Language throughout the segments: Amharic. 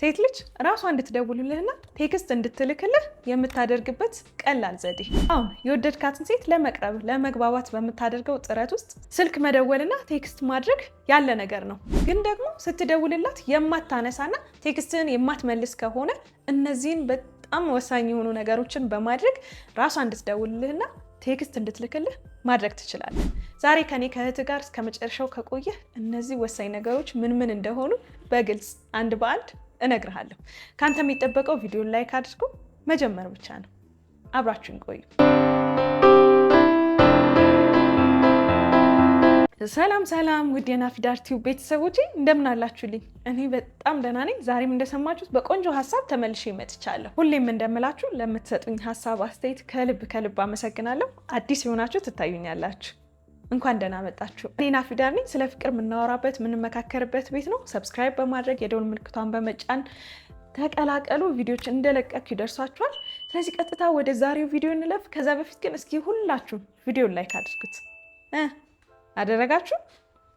ሴት ልጅ ራሷ እንድትደውልልህና ቴክስት እንድትልክልህ የምታደርግበት ቀላል ዘዴ። አሁን የወደድካትን ሴት ለመቅረብ ለመግባባት በምታደርገው ጥረት ውስጥ ስልክ መደወልና ቴክስት ማድረግ ያለ ነገር ነው። ግን ደግሞ ስትደውልላት የማታነሳና ቴክስትህን የማትመልስ ከሆነ እነዚህን በጣም ወሳኝ የሆኑ ነገሮችን በማድረግ ራሷ እንድትደውልልህና ቴክስት እንድትልክልህ ማድረግ ትችላለህ። ዛሬ ከኔ ከእህት ጋር እስከ መጨረሻው ከቆየህ እነዚህ ወሳኝ ነገሮች ምን ምን እንደሆኑ በግልጽ አንድ በአንድ እነግርሃለሁ። ከአንተ የሚጠበቀው ቪዲዮን ላይክ አድርጎ መጀመር ብቻ ነው። አብራችሁን ቆዩ። ሰላም ሰላም፣ ውድ የናፊዳር ቲዩብ ቤተሰቦቼ እንደምን አላችሁልኝ? እኔ በጣም ደህና ነኝ። ዛሬም እንደሰማችሁት በቆንጆ ሀሳብ ተመልሼ መጥቻለሁ። ሁሌም እንደምላችሁ ለምትሰጡኝ ሀሳብ፣ አስተያየት ከልብ ከልብ አመሰግናለሁ። አዲስ የሆናችሁ ትታዩኛላችሁ። እንኳን ደህና መጣችሁ። እኔ ናፊዳር ነኝ። ስለ ፍቅር የምናወራበት የምንመካከርበት ቤት ነው። ሰብስክራይብ በማድረግ የደውል ምልክቷን በመጫን ተቀላቀሉ። ቪዲዮዎች እንደለቀኩ ይደርሷችኋል። ስለዚህ ቀጥታ ወደ ዛሬው ቪዲዮ እንለፍ። ከዛ በፊት ግን እስኪ ሁላችሁ ቪዲዮ ላይክ አድርጉት። አደረጋችሁ?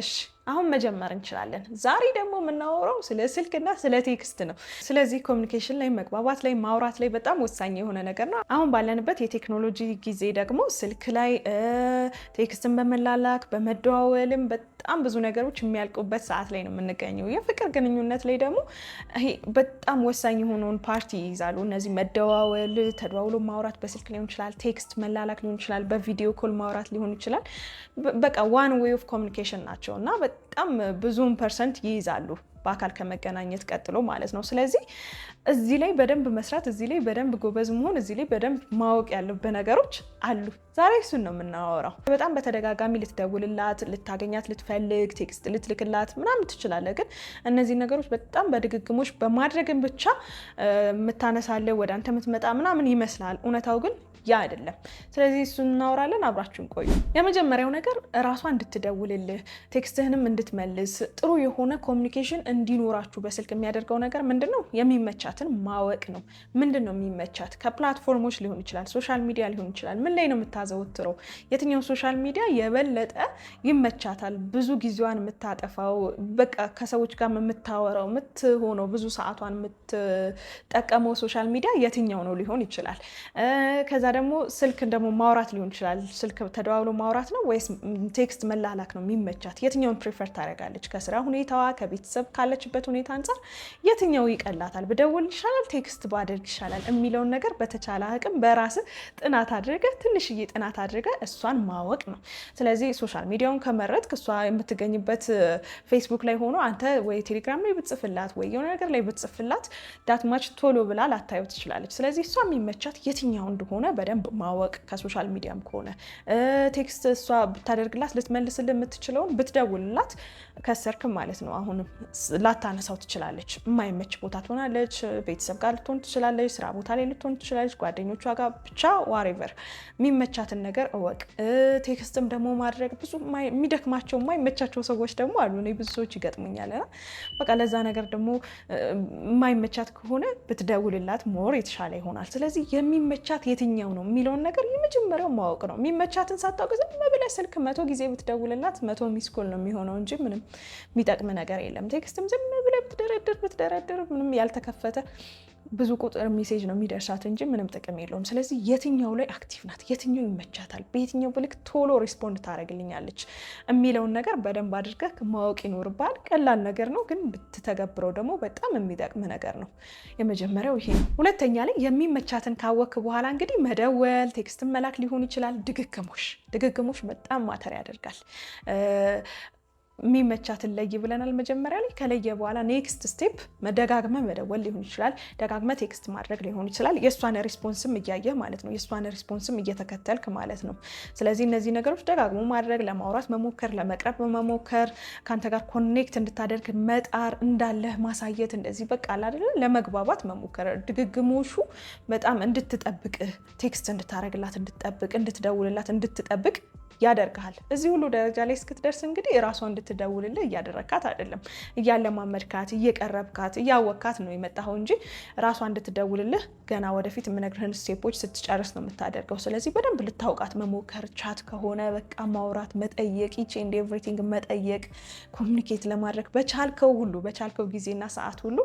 እሺ አሁን መጀመር እንችላለን። ዛሬ ደግሞ የምናወራው ስለ ስልክና ስለ ቴክስት ነው። ስለዚህ ኮሚኒኬሽን ላይ መግባባት ላይ ማውራት ላይ በጣም ወሳኝ የሆነ ነገር ነው። አሁን ባለንበት የቴክኖሎጂ ጊዜ ደግሞ ስልክ ላይ ቴክስትን በመላላክ በመደዋወልም በጣም ብዙ ነገሮች የሚያልቁበት ሰዓት ላይ ነው የምንገኘው። የፍቅር ግንኙነት ላይ ደግሞ በጣም ወሳኝ የሆነውን ፓርቲ ይይዛሉ እነዚህ መደዋወል፣ ተደዋውሎ ማውራት በስልክ ሊሆን ይችላል፣ ቴክስት መላላክ ሊሆን ይችላል፣ በቪዲዮ ኮል ማውራት ሊሆን ይችላል። በቃ ዋን ዌይ ኦፍ ኮሚኒኬሽን ናቸው እና በጣም ብዙውን ፐርሰንት ይይዛሉ በአካል ከመገናኘት ቀጥሎ ማለት ነው። ስለዚህ እዚህ ላይ በደንብ መስራት፣ እዚህ ላይ በደንብ ጎበዝ መሆን፣ እዚህ ላይ በደንብ ማወቅ ያለብህ ነገሮች አሉ። ዛሬ እሱን ነው የምናወራው። በጣም በተደጋጋሚ ልትደውልላት፣ ልታገኛት፣ ልትፈልግ ቴክስት ልትልክላት ምናምን ትችላለህ። ግን እነዚህ ነገሮች በጣም በድግግሞች በማድረግን ብቻ የምታነሳለህ ወደ አንተ የምትመጣ ምናምን ይመስላል። እውነታው ግን ያ አይደለም። ስለዚህ እሱን እናወራለን፣ አብራችሁን ቆዩ። የመጀመሪያው ነገር እራሷ እንድትደውልልህ ቴክስትህንም እንድትመልስ ጥሩ የሆነ ኮሚኒኬሽን እንዲኖራችሁ በስልክ የሚያደርገው ነገር ምንድን ነው? የሚመቻትን ማወቅ ነው። ምንድን ነው የሚመቻት? ከፕላትፎርሞች ሊሆን ይችላል፣ ሶሻል ሚዲያ ሊሆን ይችላል። ምን ላይ ነው የምታዘወትረው? የትኛው ሶሻል ሚዲያ የበለጠ ይመቻታል? ብዙ ጊዜዋን የምታጠፋው በቃ ከሰዎች ጋር የምታወራው የምትሆነው ብዙ ሰዓቷን የምትጠቀመው ሶሻል ሚዲያ የትኛው ነው ሊሆን ይችላል ከዛ ደግሞ ስልክን ደግሞ ማውራት ሊሆን ይችላል። ስልክ ተደዋውሎ ማውራት ነው ወይስ ቴክስት መላላክ ነው የሚመቻት? የትኛውን ፕሪፈር ታደርጋለች? ከስራ ሁኔታዋ፣ ከቤተሰብ ካለችበት ሁኔታ አንጻር የትኛው ይቀላታል? ብደውል ይሻላል፣ ቴክስት ባደርግ ይሻላል የሚለውን ነገር በተቻለ አቅም በራስ ጥናት አድርገ ትንሽዬ ጥናት አድርገ እሷን ማወቅ ነው። ስለዚህ ሶሻል ሚዲያውን ከመረጥክ እሷ የምትገኝበት ፌስቡክ ላይ ሆኖ አንተ ወይ ቴሌግራም ላይ ብትጽፍላት ወይ የሆነ ነገር ላይ ብትጽፍላት ዳትማች ቶሎ ብላ ላታየው ትችላለች። ስለዚህ እሷ የሚመቻት የትኛው እንደሆነ በደንብ ማወቅ ከሶሻል ሚዲያም ከሆነ ቴክስት እሷ ብታደርግላት ልትመልስል የምትችለውን ብትደውልላት ከሰርክም ማለት ነው። አሁን ላታነሳው ትችላለች። የማይመች ቦታ ትሆናለች። ቤተሰብ ጋር ልትሆን ትችላለች። ስራ ቦታ ላይ ልትሆን ትችላለች። ጓደኞቿ ጋር ብቻ ዋሬቨር የሚመቻትን ነገር እወቅ። ቴክስትም ደግሞ ማድረግ ብዙ የሚደክማቸው የማይመቻቸው ሰዎች ደግሞ አሉ። እኔ ብዙ ሰዎች ይገጥሙኛል። በቃ ለዛ ነገር ደግሞ የማይመቻት ከሆነ ብትደውልላት ሞር የተሻለ ይሆናል። ስለዚህ የሚመቻት የትኛው ነው ነው የሚለውን ነገር የመጀመሪያው ማወቅ ነው። የሚመቻትን ሳታውቅ ዝም ብለህ ስልክ መቶ ጊዜ ብትደውልላት መቶ ሚስኮል ነው የሚሆነው እንጂ ምንም የሚጠቅም ነገር የለም። ቴክስትም ዝም ብለህ ብትደረድር ብትደረድር ምንም ያልተከፈተ ብዙ ቁጥር ሜሴጅ ነው የሚደርሳት እንጂ ምንም ጥቅም የለውም። ስለዚህ የትኛው ላይ አክቲቭ ናት፣ የትኛው ይመቻታል፣ በየትኛው ብልክ ቶሎ ሪስፖንድ ታደርግልኛለች የሚለውን ነገር በደንብ አድርገህ ማወቅ ይኖርብሃል። ቀላል ነገር ነው፣ ግን ብትተገብረው ደግሞ በጣም የሚጠቅም ነገር ነው። የመጀመሪያው ይሄ ነው። ሁለተኛ ላይ የሚመቻትን ካወክ በኋላ እንግዲህ መደወል፣ ቴክስትን መላክ ሊሆን ይችላል። ድግግሞሽ ድግግሞሽ በጣም ማተር ያደርጋል። የሚመቻትን ለይ ብለናል መጀመሪያ ላይ። ከለየ በኋላ ኔክስት ስቴፕ ደጋግመ መደወል ሊሆን ይችላል፣ ደጋግመ ቴክስት ማድረግ ሊሆን ይችላል። የእሷን ሪስፖንስም እያየ ማለት ነው፣ የእሷን ሪስፖንስም እየተከተልክ ማለት ነው። ስለዚህ እነዚህ ነገሮች ደጋግሞ ማድረግ፣ ለማውራት መሞከር፣ ለመቅረብ መሞከር፣ ከአንተ ጋር ኮኔክት እንድታደርግ መጣር፣ እንዳለህ ማሳየት፣ እንደዚህ በቃ አላደለ ለመግባባት መሞከር። ድግግሞሹ በጣም እንድትጠብቅህ ቴክስት እንድታደረግላት፣ እንድትጠብቅ፣ እንድትደውልላት፣ እንድትጠብቅ እንድትደውልላት እንድትጠብቅ ያደርግሃል። እዚህ ሁሉ ደረጃ ላይ እስክትደርስ እንግዲህ እራሷ እንድትደውልልህ እያደረግካት አይደለም፣ እያለማመድካት፣ እየቀረብካት፣ እያወካት ነው የመጣኸው እንጂ ራሷ እንድትደውልልህ ገና ወደፊት የምነግርህን ስቴፖች ስትጨርስ ነው የምታደርገው። ስለዚህ በደንብ ልታውቃት መሞከር፣ ቻት ከሆነ በቃ ማውራት፣ መጠየቅ፣ ይቺ ኤቭሪቲንግ መጠየቅ፣ ኮሚኒኬት ለማድረግ በቻልከው ሁሉ በቻልከው ጊዜና ሰዓት ሁሉ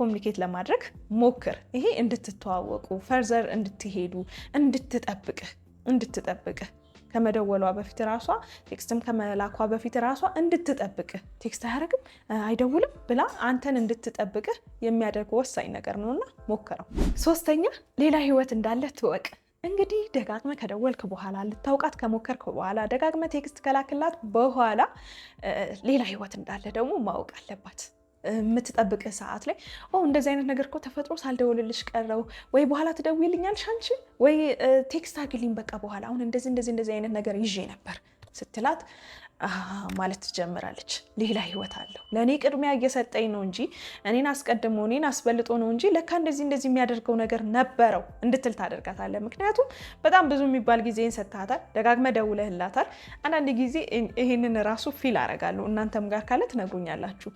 ኮሚኒኬት ለማድረግ ሞክር። ይሄ እንድትተዋወቁ ፈርዘር እንድትሄዱ እንድትጠብቅህ እንድትጠብቅህ ከመደወሏ በፊት ራሷ ቴክስትም ከመላኳ በፊት ራሷ እንድትጠብቅህ ቴክስት አያደርግም አይደውልም ብላ አንተን እንድትጠብቅህ የሚያደርግ ወሳኝ ነገር ነውና ሞክረው። ሶስተኛ ሌላ ህይወት እንዳለ ትወቅ። እንግዲህ ደጋግመ ከደወልክ በኋላ ልታውቃት ከሞከርክ በኋላ ደጋግመ ቴክስት ከላክላት በኋላ ሌላ ህይወት እንዳለ ደግሞ ማወቅ አለባት። የምትጠብቅ ሰዓት ላይ እንደዚህ አይነት ነገር እኮ ተፈጥሮ ሳልደውልልሽ ቀረው ወይ በኋላ ትደውይልኛለሽ አንቺ ወይ ቴክስት አግልኝ በቃ በኋላ አሁን እንደዚህ እንደዚህ እንደዚህ አይነት ነገር ይዤ ነበር ስትላት ማለት ትጀምራለች። ሌላ ህይወት አለው። ለእኔ ቅድሚያ እየሰጠኝ ነው እንጂ እኔን አስቀድሞ እኔን አስበልጦ ነው እንጂ ለካ እንደዚህ እንደዚህ የሚያደርገው ነገር ነበረው እንድትል ታደርጋታለ። ምክንያቱም በጣም ብዙ የሚባል ጊዜን ሰጥታታል፣ ደጋግመ ደውለህላታል። አንዳንድ ጊዜ ይህንን ራሱ ፊል አረጋለሁ። እናንተም ጋር ካለ ትነግሩኛላችሁ።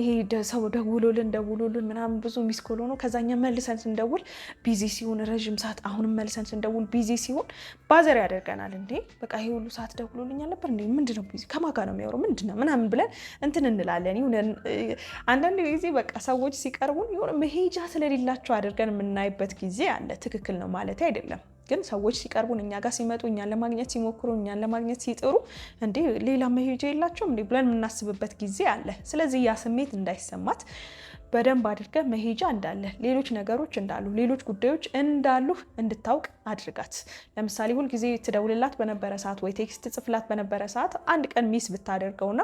ይሄ ሰው ደውሎልን ደውሎልን ምናምን ብዙ ሚስ ሆኖ ከዛኛ መልሰን ስንደውል ቢዚ ሲሆን ረዥም ሰዓት፣ አሁንም መልሰን ስንደውል ቢዚ ሲሆን ባዘር ያደርገናል። እንዴ በቃ ይሄ ሁሉ ሰዓት ደውሎልኛል ነበር እንዴ ምንድነው ቢዚ እንደዚህ ከማጋ ነው የሚያወሩ ምንድን ነው ምናምን ብለን እንትን እንላለን። አንዳንድ ጊዜ በቃ ሰዎች ሲቀርቡን የሆነ መሄጃ ስለሌላቸው አድርገን የምናይበት ጊዜ አለ። ትክክል ነው ማለት አይደለም ግን ሰዎች ሲቀርቡን እኛ ጋር ሲመጡ እኛን ለማግኘት ሲሞክሩ እኛን ለማግኘት ሲጥሩ እንዲህ ሌላ መሄጃ የላቸውም ብለን የምናስብበት ጊዜ አለ። ስለዚህ ያ ስሜት እንዳይሰማት በደንብ አድርገህ መሄጃ እንዳለ ሌሎች ነገሮች እንዳሉ ሌሎች ጉዳዮች እንዳሉ እንድታውቅ አድርጋት። ለምሳሌ ሁልጊዜ ትደውልላት በነበረ ሰዓት ወይ ቴክስት ጽፍላት በነበረ ሰዓት አንድ ቀን ሚስ ብታደርገውና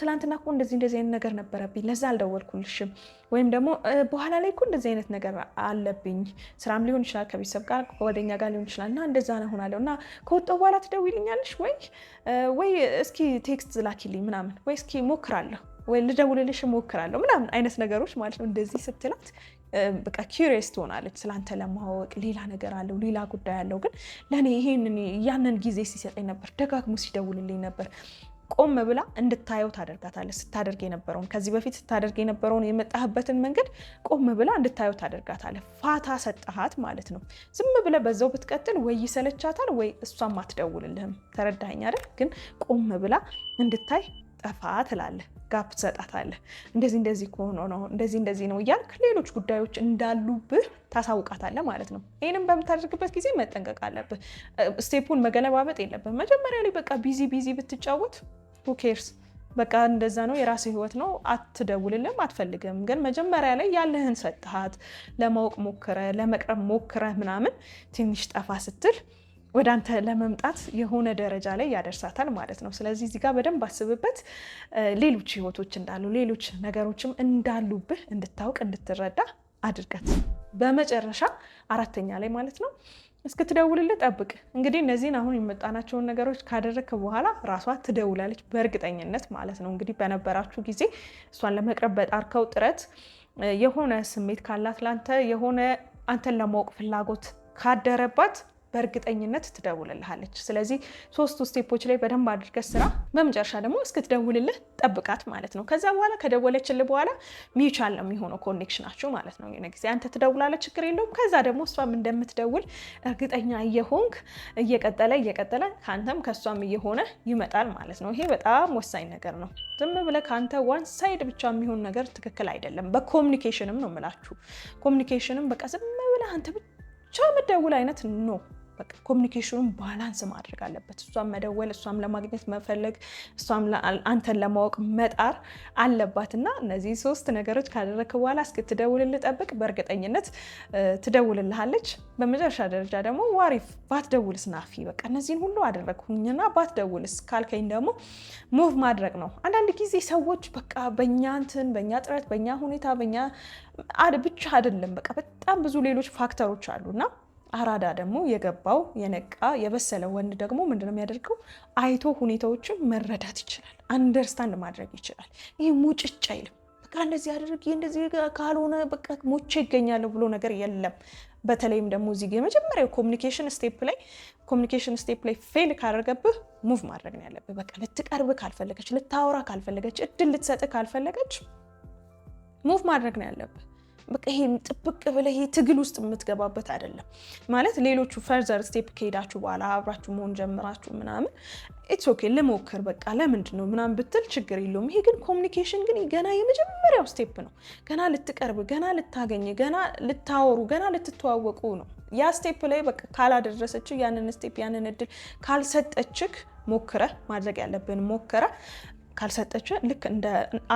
ትላንትና እኮ እንደዚህ እንደዚህ አይነት ነገር ነበረብኝ ለዛ አልደወልኩልሽም ወይም ደግሞ በኋላ ላይ እኮ እንደዚህ አይነት ነገር አለብኝ ስራም ሊሆን ይችላል ከቤተሰብ ጋር ከጓደኛ ጋር ሊሆን ይችላል እና እንደዛ ነው ሆናለሁ እና ከወጣው በኋላ ትደውይልኛለሽ ወይ ወይ እስኪ ቴክስት ላኪልኝ ምናምን ወይ እስኪ ሞክራለሁ ወይ ልደውልልሽ እሞክራለሁ ምናምን አይነት ነገሮች ማለት ነው። እንደዚህ ስትላት በቃ ኪሪየስ ትሆናለች ስለአንተ ለማወቅ ሌላ ነገር አለው ሌላ ጉዳይ አለው። ግን ለእኔ ይሄንን ያንን ጊዜ ሲሰጠኝ ነበር፣ ደጋግሞ ሲደውልልኝ ነበር። ቆም ብላ እንድታየው ታደርጋታለች። ስታደርግ የነበረውን ከዚህ በፊት ስታደርግ የነበረውን የመጣህበትን መንገድ ቆም ብላ እንድታየው ታደርጋታለች። ፋታ ሰጠሃት ማለት ነው። ዝም ብለህ በዛው ብትቀጥል ወይ ይሰለቻታል ወይ እሷም አትደውልልህም። ተረዳኸኝ አይደል? ግን ቆም ብላ እንድታይ ጠፋ ትላለህ፣ ጋፕ ትሰጣታለህ። እንደዚህ እንደዚህ ከሆነ ነው እንደዚህ እንደዚህ ነው እያልክ ሌሎች ጉዳዮች እንዳሉብህ ታሳውቃታለህ ማለት ነው። ይህንም በምታደርግበት ጊዜ መጠንቀቅ አለብህ። ስቴፑን መገለባበጥ የለብህ። መጀመሪያ ላይ በቃ ቢዚ ቢዚ ብትጫወት ሁኬርስ በቃ እንደዛ ነው። የራስህ ህይወት ነው። አትደውልልም፣ አትፈልግም። ግን መጀመሪያ ላይ ያለህን ሰጥሃት ለማወቅ ሞክረ ለመቅረብ ሞክረ ምናምን ትንሽ ጠፋ ስትል ወደ አንተ ለመምጣት የሆነ ደረጃ ላይ ያደርሳታል ማለት ነው። ስለዚህ እዚህ ጋር በደንብ አስብበት። ሌሎች ህይወቶች እንዳሉ ሌሎች ነገሮችም እንዳሉብህ እንድታውቅ እንድትረዳ አድርገት። በመጨረሻ አራተኛ ላይ ማለት ነው እስክትደውልልህ ጠብቅ። እንግዲህ እነዚህን አሁን የመጣናቸውን ነገሮች ካደረግክ በኋላ ራሷ ትደውላለች በእርግጠኝነት ማለት ነው። እንግዲህ በነበራችሁ ጊዜ እሷን ለመቅረብ በጣርከው ጥረት የሆነ ስሜት ካላት ላንተ የሆነ አንተን ለማወቅ ፍላጎት ካደረባት በእርግጠኝነት ትደውልልሃለች። ስለዚህ ሶስቱ ስቴፖች ላይ በደንብ አድርገህ ስራ። በመጨረሻ ደግሞ እስክትደውልልህ ጠብቃት ማለት ነው። ከዛ በኋላ ከደወለችልህ በኋላ ሚቻል ነው የሚሆነው ኮኔክሽናችሁ ማለት ነው። የሆነ ጊዜ አንተ ትደውላለህ፣ ችግር የለውም። ከዛ ደግሞ እሷም እንደምትደውል እርግጠኛ እየሆንክ እየቀጠለ እየቀጠለ ከአንተም ከእሷም እየሆነ ይመጣል ማለት ነው። ይሄ በጣም ወሳኝ ነገር ነው። ዝም ብለህ ከአንተ ዋን ሳይድ ብቻ የሚሆን ነገር ትክክል አይደለም። በኮሚኒኬሽንም ነው የምላችሁ። ኮሚኒኬሽንም በቃ ዝም ብለህ አንተ ብቻ መደውል አይነት ነው ኮሚኒኬሽኑን ባላንስ ማድረግ አለበት። እሷም መደወል፣ እሷም ለማግኘት መፈለግ፣ እሷም አንተን ለማወቅ መጣር አለባት እና እነዚህ ሶስት ነገሮች ካደረክ በኋላ እስክትደውልልህ ጠብቅ። በእርግጠኝነት ትደውልልሃለች። በመጨረሻ ደረጃ ደግሞ ዋሪፍ ባትደውልስ ናፊ በቃ እነዚህን ሁሉ አደረግኩኝና ባትደውልስ ካልከኝ ደግሞ ሙቭ ማድረግ ነው። አንዳንድ ጊዜ ሰዎች በቃ በእኛ እንትን በእኛ ጥረት በእኛ ሁኔታ በእኛ ብቻ አይደለም በቃ በጣም ብዙ ሌሎች ፋክተሮች እና አራዳ ደግሞ የገባው የነቃ የበሰለ ወንድ ደግሞ ምንድነው ነው የሚያደርገው? አይቶ ሁኔታዎችን መረዳት ይችላል። አንደርስታንድ ማድረግ ይችላል። ይህ ሙጭጭ አይልም። በቃ እንደዚህ አድርግ እንደዚህ ካልሆነ በቃ ሞቼ ይገኛለሁ ብሎ ነገር የለም። በተለይም ደግሞ እዚህ የመጀመሪያው ኮሚኒኬሽን ስቴፕ ላይ ኮሚኒኬሽን ስቴፕ ላይ ፌል ካደረገብህ ሙቭ ማድረግ ነው ያለብህ። በቃ ልትቀርብ ካልፈለገች፣ ልታወራ ካልፈለገች፣ እድል ልትሰጥ ካልፈለገች ሙቭ ማድረግ ነው ያለብህ። በቃ ይሄ ጥብቅ ብለህ ይሄ ትግል ውስጥ የምትገባበት አይደለም ማለት ሌሎቹ ፈርዘር ስቴፕ ከሄዳችሁ በኋላ አብራችሁ መሆን ጀምራችሁ ምናምን ኢትስ ኦኬ ልሞክር በቃ ለምንድን ነው ምናምን ብትል ችግር የለውም። ይሄ ግን ኮሚኒኬሽን ግን ገና የመጀመሪያው ስቴፕ ነው። ገና ልትቀርብ፣ ገና ልታገኝ፣ ገና ልታወሩ፣ ገና ልትተዋወቁ ነው። ያ ስቴፕ ላይ በቃ ካላደረሰችው ያንን ስቴፕ ያንን እድል ካልሰጠችክ ሞክረ ማድረግ ያለብን ሞክረ ካልሰጠች ልክ እንደ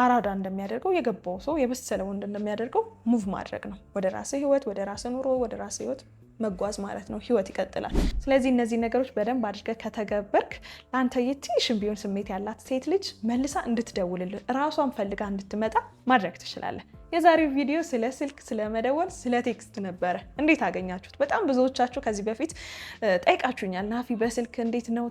አራዳ እንደሚያደርገው የገባው ሰው የበሰለ ወንድ እንደሚያደርገው ሙቭ ማድረግ ነው። ወደ ራስ ህይወት፣ ወደ ራስ ኑሮ፣ ወደ ራስ ህይወት መጓዝ ማለት ነው። ህይወት ይቀጥላል። ስለዚህ እነዚህ ነገሮች በደንብ አድርገህ ከተገበርክ ለአንተ የትንሽም ቢሆን ስሜት ያላት ሴት ልጅ መልሳ እንድትደውልልህ ራሷን ፈልጋ እንድትመጣ ማድረግ ትችላለህ። የዛሬው ቪዲዮ ስለ ስልክ፣ ስለ መደወል፣ ስለ ቴክስት ነበረ። እንዴት አገኛችሁት? በጣም ብዙዎቻችሁ ከዚህ በፊት ጠይቃችሁኛል። ናፊ በስልክ እንዴት ነው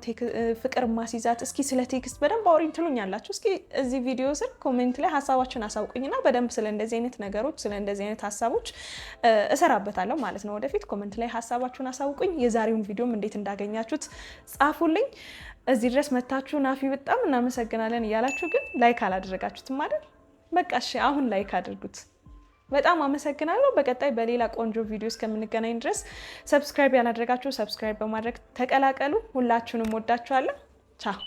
ፍቅር ማስይዛት? እስኪ ስለ ቴክስት በደንብ አውሪኝ ትሉኛላችሁ። እስኪ እዚህ ቪዲዮ ስር ኮሜንት ላይ ሀሳባችሁን አሳውቁኝና በደንብ ስለ እንደዚህ አይነት ነገሮች፣ ስለ እንደዚህ አይነት ሀሳቦች እሰራበታለሁ ማለት ነው ወደፊት። ኮሜንት ላይ ሀሳባችሁን አሳውቁኝ። የዛሬውን ቪዲዮም እንዴት እንዳገኛችሁት ጻፉልኝ። እዚህ ድረስ መታችሁ ናፊ በጣም እናመሰግናለን እያላችሁ ግን ላይክ አላደረጋችሁትም አይደል? በቃ እሺ፣ አሁን ላይክ አድርጉት። በጣም አመሰግናለሁ። በቀጣይ በሌላ ቆንጆ ቪዲዮ እስከምንገናኝ ድረስ ሰብስክራይብ ያላደረጋችሁ ሰብስክራይብ በማድረግ ተቀላቀሉ። ሁላችሁንም ወዳችኋለሁ። ቻው